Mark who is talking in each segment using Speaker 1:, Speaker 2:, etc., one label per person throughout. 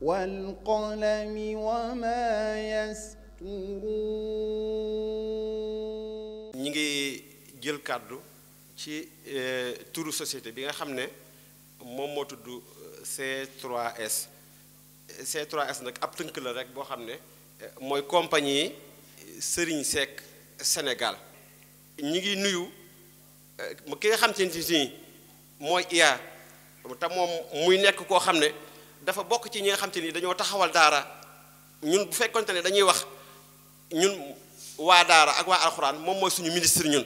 Speaker 1: والقلم وما يسطرون ñi ngi jël kàddu ci e, turu société bi nga xam ne moom moo tudd C3S e, c 3 e, ab tënk la rek boo xam ne mooy compagnie Serigne Seck Sénégal ñi ngi nuyu ki nga xam ci ni mooy IA te moom muy nekk koo xam ne dafa bokk ci ñi nga xam te ni dañoo taxawal daara ñun bu fekkonte ne dañuy wax ñun waa daara ak waa alxuraan moom mooy suñu ministre ñun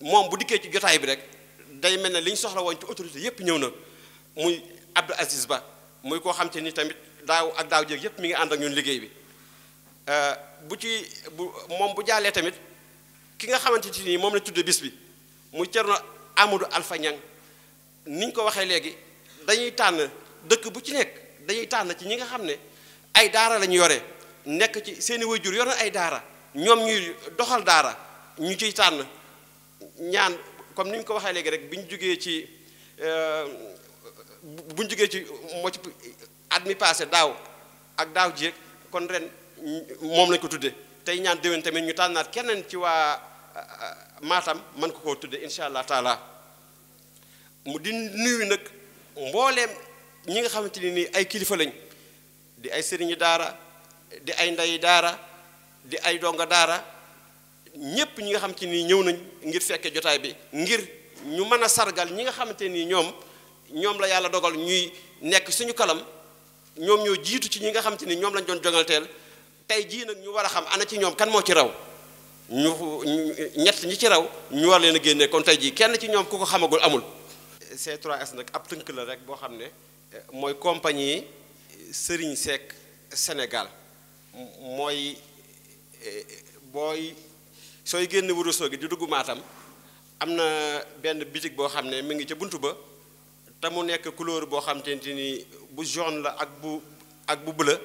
Speaker 1: moom bu dikkee ci jotaay bi rek day mel ne li ñu soxla woon ci autorité yépp ñëw na muy Abdou Aziz Ba muy koo xam te ni tamit daaw ak daaw jéeg yépp mi ngi ànd ak ñun liggéey bi euh, bu ci bu moom bu jaalee tamit ki nga xamante ci nii moom la tudde bis bi mu Cerno na Alfa Ñang niñ ko waxee léegi dañuy tànn dëkk bu ci nekk dañuy tànn ci ñi nga xam ne ay daara lañu yore nekk ci seeni waajur yor ay daara ñoom ñuy doxal daara ñu ciy tànn ñaan comme ni ñu ko waxee léegi rek bi ñu jógee ci euh, bu jógee ci moo ci at mi daaw ak daaw jéeg kon ren moom lañ ko tudde tey ñaan déwén tamit ñu tànnaat keneen ci waa euh, maatam mën ko koo tudde incha allah taala mu di nuyu nag mbooleem ñi nga xamante ni nii ay kilifa lañ di ay sëriñu daara di ay ndey daara di ay donga daara ñépp ñi nga xam ci nii ñëw nañ ngir fekke jotaay bi ngir ñu mën a sargal ñi nga xamante nii ñoom ñoom la yàlla dogal ñuy nekk suñu kalam ñoom ñoo jiitu ci ñi nga xamante ni ñoom lañ doon jongalteel tey jii nag ñu war a xam ana ci ñoom kan moo ci raw ñu ñett ñi ci raw ñu war leen a génne kon tey jii kenn ci ñoom ku ko xamagul amul C3S nag ab tënk la rek boo xam ne eh, mooy compagnie Serigne Seck Sénégal mooy eh, booy sooy génn wurusoo gi di duggumaatam am na benn bitig boo xam ne mi ngi ca bunt ba te mu nekk couleur boo xam te ni bu jaune la ak bu ak bu bleu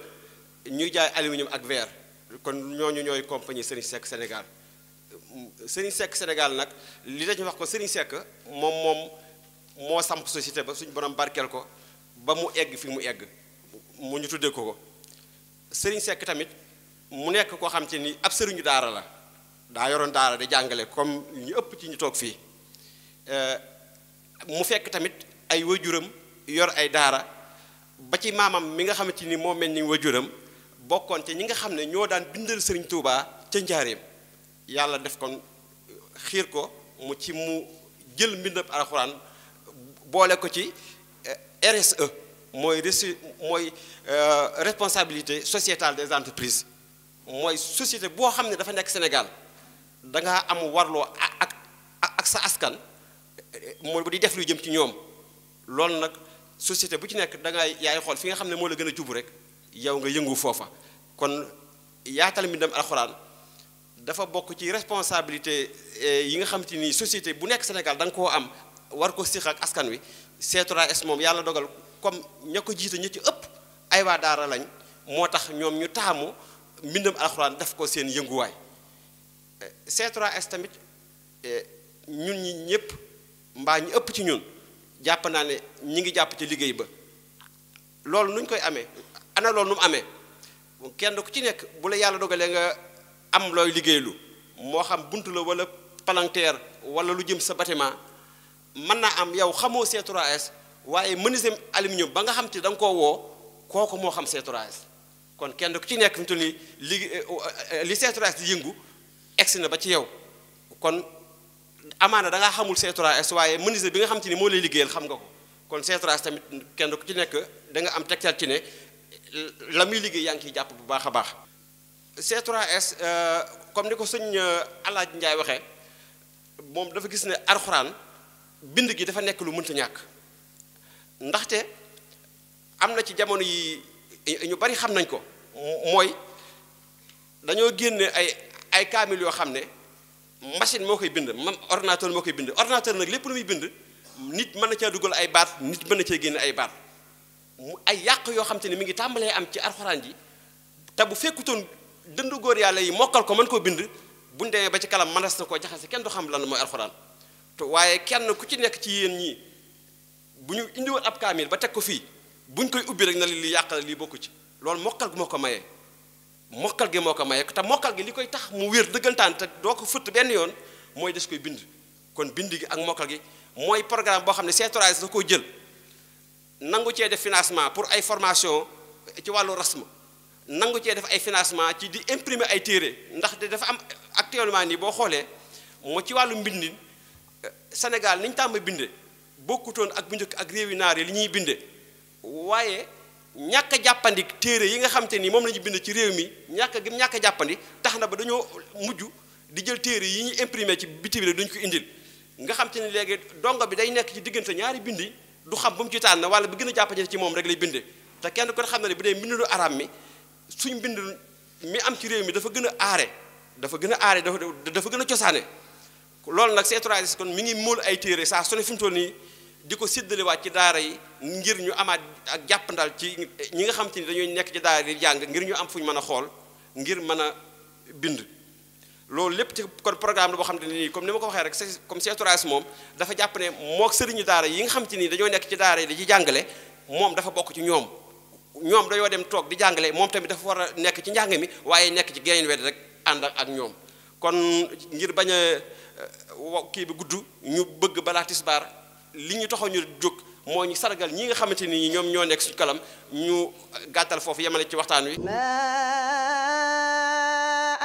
Speaker 1: ñuy jaay aluminium ak verre kon ñooñu ñooy compagnie Serigne Seck Sénégal Serigne Seck Sénégal nag li dañu wax ko Serigne Seck moom moom moo samp société ba suñ borom barkeel ko ba mu egg fi mu egg mu ñu tuddee ko ko sëriñ sekk tamit mu nekk koo xam te ni ab sëriñu daara la daa yoroon daara di jàngale comme ñu ëpp ci ñu toog fii eh, mu fekk tamit ay wajuram yor ay daara ba ci maamam mi nga xamante ni moo mel ni wajuram bokkoon ci ñi nga xam ne ñoo daan bindal sëriñ Touba ca njaareem yàlla def kon xiir ko mu ci mu jël mbindab alxuraan boole ko ci eh, RSE mooy resi mooy euh, responsabilité sociétale des entreprises mooy société boo xam ne dafa nekk Sénégal da nga am warloo ak ak sa askan eh, mooy di def lu jëm ci ñoom loolu nag société bu ci nekk da ngay yaay xool fi nga xam ne moo la gën a jubbu rek yow nga yëngu foofa kon yaatal mbindam alxuraan dafa bokk ci responsabilité eh, yi nga xam te ni société bu nekk Sénégal da nga koo am war ko siq ak askan wi c es moom yàlla dogal comme ña ko jiite ña ci ëpp ay waa daara lañ moo tax ñoom ñu taamu mbindam alxuraan def ko seen yënguwaay c 3 tamit ñun ñi ñëpp mbaa ñu ëpp ci ñun jàpp naa ne ñi ngi jàpp ci liggéey ba loolu nuñ koy amee ana loolu nu mu amee kenn ku ci nekk bu la yàlla dogalee nga am looy liggéeylu moo xam bunt la wala palanteer wala lu jëm sa bâtiment mën naa am yow xamoo C3S waaye menuisier aluminium ba nga xam ci da nga koo woo kooku moo xam c kon kenn ku ci nekk fi mu toll nii li euh, li c 3 na ba ci yow kon amaana da ngaa xamul C3S bi nga xam te ni moo lay liggéeyal xam nga ko kon c tamit kenn ku ci nekk danga am tegtal ci ne la muy liggéey yaa ngi ciy jàpp bu baax a baax. C3S euh, comme ni ko sëñ euh, Alaaji Njaay waxee moom dafa gis ne arxuraan. bind gi dafa nekk lu mënta ñàkk ndaxte am na ci jamono yi ñu bari xam nañ ko mooy dañoo génne ay ay kaamil yoo xam ne machine moo koy bind man ordinateur moo koy bind ordinateur nag lépp lu muy bind nit mën na caa dugal ay baat nit mën na cee génne ay baat mu ay yàq yoo xam te ni mu ngi tàmbalee am ci alxuraan ji te bu fekkutoon dënd góor yàlla yi mokkal ko mën koo bind buñ demee ba ci kalam mënees na koo jaxase kenn du xam la na mooy alxuraan. te waaye kenn ku ci nekk ci yéen ñi bu ñu indiwoon ab kaamil ba teg ko fii buñ koy ubbi rek na li li yàqal lii bokku ci loolu mokkal moo ko maye mokkal gi moo ko maye te mokkal gi li koy tax mu wér dëggantaan te doo ko futt benn yoon mooy des koy bind kon bind gi ak mokkal gi mooy programme boo xam ne C3S koo jël nangu cee def financement pour ay formation ci wàllu rasm nangu cee def ay financement ci di imprimer ay téere ndax dafa am actuellement nii boo xoolee moo ci wàllu mbindin Sénégal ni ñu tàmm binde bokkutoon ak bu njëkk ak réewi naar yi li ñuy binde waaye ñàkk jàppandik téere yi nga xam te ni moom la ñuy bind ci réew mi ñàkk gi ñàkk a tax na ba dañoo mujj di jël téere yi ñu imprimé ci bitim rek duñ ko indil nga xam te ni léegi dongo bi day nekk ci diggante ñaari bindi du xam bu mu ci tànn wala bu gën a jàppandi ci moom rek lay binde te kenn ko xam na ne bu dee mbindu arab mi suñ mbind mi am ci réew mi dafa gën a aare dafa gën a aare dafa dafa gën a cosaane loolu nag c kon mi ngi mool ay téere saa su ne fi tool nii di ko séddalewaat ci daara yi ngir ñu amaat ak jàppandal ci ñi nga xam te ni dañuy nekk ci daara yi jàng ngir ñu am fu ñu mën a xool ngir mën a bind loolu lépp ci kon programme la boo xam te ne nii comme ni ma ko waxee rek comme c moom dafa jàpp ne mook sëriñu daara yi nga xam te ni dañoo nekk ci daara yi di ci jàngale moom dafa bokk ci ñoom ñoom dañoo dem toog di jàngale moom tamit dafa war a nekk ci njàng mi waaye nekk ci geneen wet rek ànd ak ñoom kon ngir bañ a euh, kii bi gudd ñu bëgg balaa tisbaar li ñu taxaw ñu jóg moo ñu sargal ñi nga xamante ni ñoom ñoo nekk suñu kalam ñu gàttal foofu yemale ci waxtaan wi ma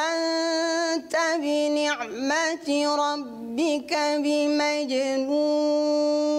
Speaker 1: anta bi ni'mati rabbika bi majnun